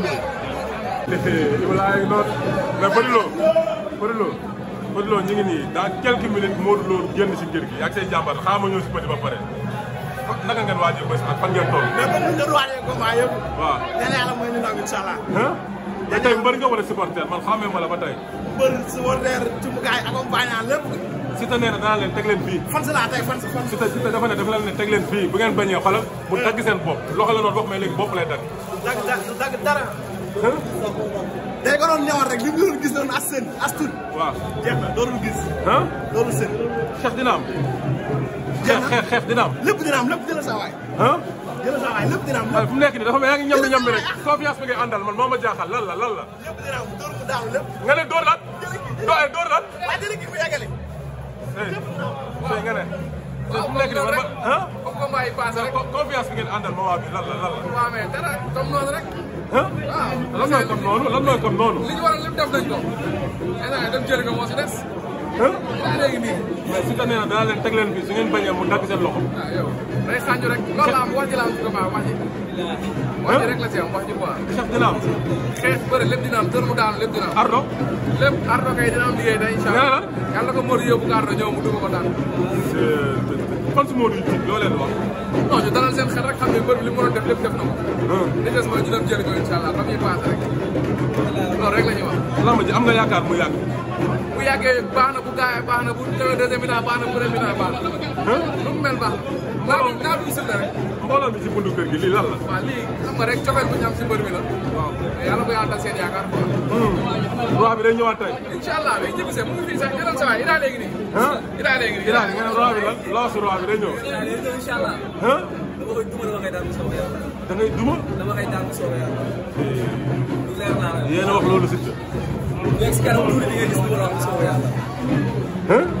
nii. Ibrahima noonu mais Fodou Lo Fodou Lo Fodou Lo ñu ngi nii dans quelques si kër gi ak say jàmbaar xaaral ma si Petit ba pare. naka ngeen waajee bés ak fan ngeen toll. mais comme ni ñu doon waajee combat yëpp. ñu ndaw incha allah. te tey mbër nga wala supporter man xamee ma la ba tey. mbër supporter ci mu gaay accompagnant Siteu nee na dana leen teg leen fii. fan si laa tey fan si fan. Siteu Siteu dafa ne dafa leen ne teg leen fii bu ngeen bañee xoolal. mu dagg seen bopp loxo la doon wax bopp lay dagg. dagg dagg dara. day ko doon ñëwaat rek li mu doon gis doon as seen dina am. jeex xeex xeex dina am. am lépp jëla saa lépp dina am. waaye fu nekk nii dafa mel yaa ngi ñam ñam rek confiance moo ma jaaxal la la. lépp dina am dóor mu daanu lépp. nga ne dóor lan. dóor lan. waaw dóor lan. waaw jëli kii tey nga ne. waaw comme noonu rek ah. comme combat yi passé rek confiance bi ngeen àndal moment bi lan la lan la. waaw mais dara comme noonu rek. ah, ah lan mooy comme noonu lan mooy comme noonu. li ñu waroon lépp def nañ ko. xanaa dem jëli ko moo si des. mais su ko nee na danaa leen teg leen fii su ngeen bañee mu dagg seen loxo. day sànju rek loolu la am wax ji la am si combat wax ji. wax ji rek la si am wax ji quoi. xeex dina am. xeex bëri lépp dina am dër mu daanu lépp dina am. ardo lépp ardo kay dina am liggéey tey incha allah. yàlla ko Modou yóbbu ko ardo ñëw mu dugg ko daan. fan su Modou yi loo leen wax. non ñu dalal seen xel rek xam ne mbër bi li mu mënoon def lépp def na ko. li des mooy ñu dem jëriñoo incha allah ba muy passé rek loolu rek la ñuy wax. lamb ji am nga yaakaar mu yàgg. bu yàggee baax na bu gaawee baax na bu demee deuxième mi-temps baax na premier mi-temps baax na. lu mu mel baax na. mbooloo mi daal du isil rek. mbooloo mi si buntu kër gi lii lan la. waaw lii xam nga rek cofeel bu ñu am si mbër mi la. waaw yàlla bu yàlla seen yaakaar quoi. Hmm. roi bi day ñëwaat tey. incha allah bi ñu gisee mu ngi fii sax yeneen saa yi daa léegi nii. daa léegi nii daa léegi nga ne roi bi lan loo su roi bi day ñëw. incha allah. dama koy duma dama koy daal bu soobee yàlla. da ngay duma. dama koy daal bu soobee yàlla. Hmm. leer naa la. yéen a wax loolu si léegi si kanam tuuti di nga gis li mu doon soo yàlla. ah.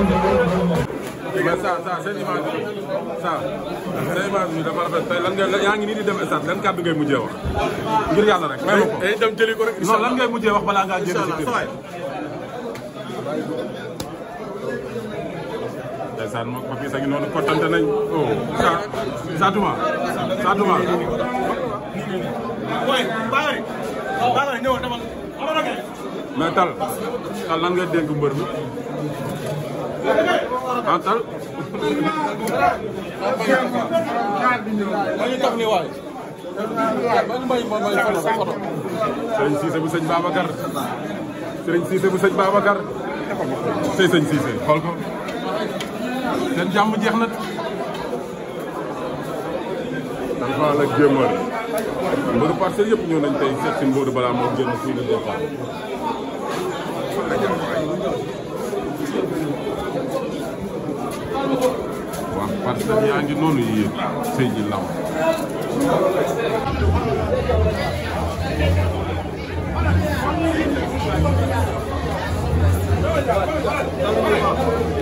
sa sa seen image bi sa seen image bi dafa rafet tey lan yaa ngi nii di dem stade lan kàddu ngay mujjee wax ngir yàlla rek may ma ko eh, eh, dem jëli ko rek non lan ngay mujjee wax balaa ngaa génn ko fii noonu kontante nañ o sa sa tuma sa tuma mais tal tal lan nga dénk mbër mi antal dañu tax ni waay man may man may photo sëriñ Cissé bu sëñ Babacar sëriñ Cissé bu sëñ Babacar sey sëñ Cissé xool ko seen jàmm jeex na dan fa nag jéemal mbëru parcelle yëpp ñëw nañ tey seet si Modou balaa moo génn fii la départ ndax yaa ngi noonu yéen sëy ji law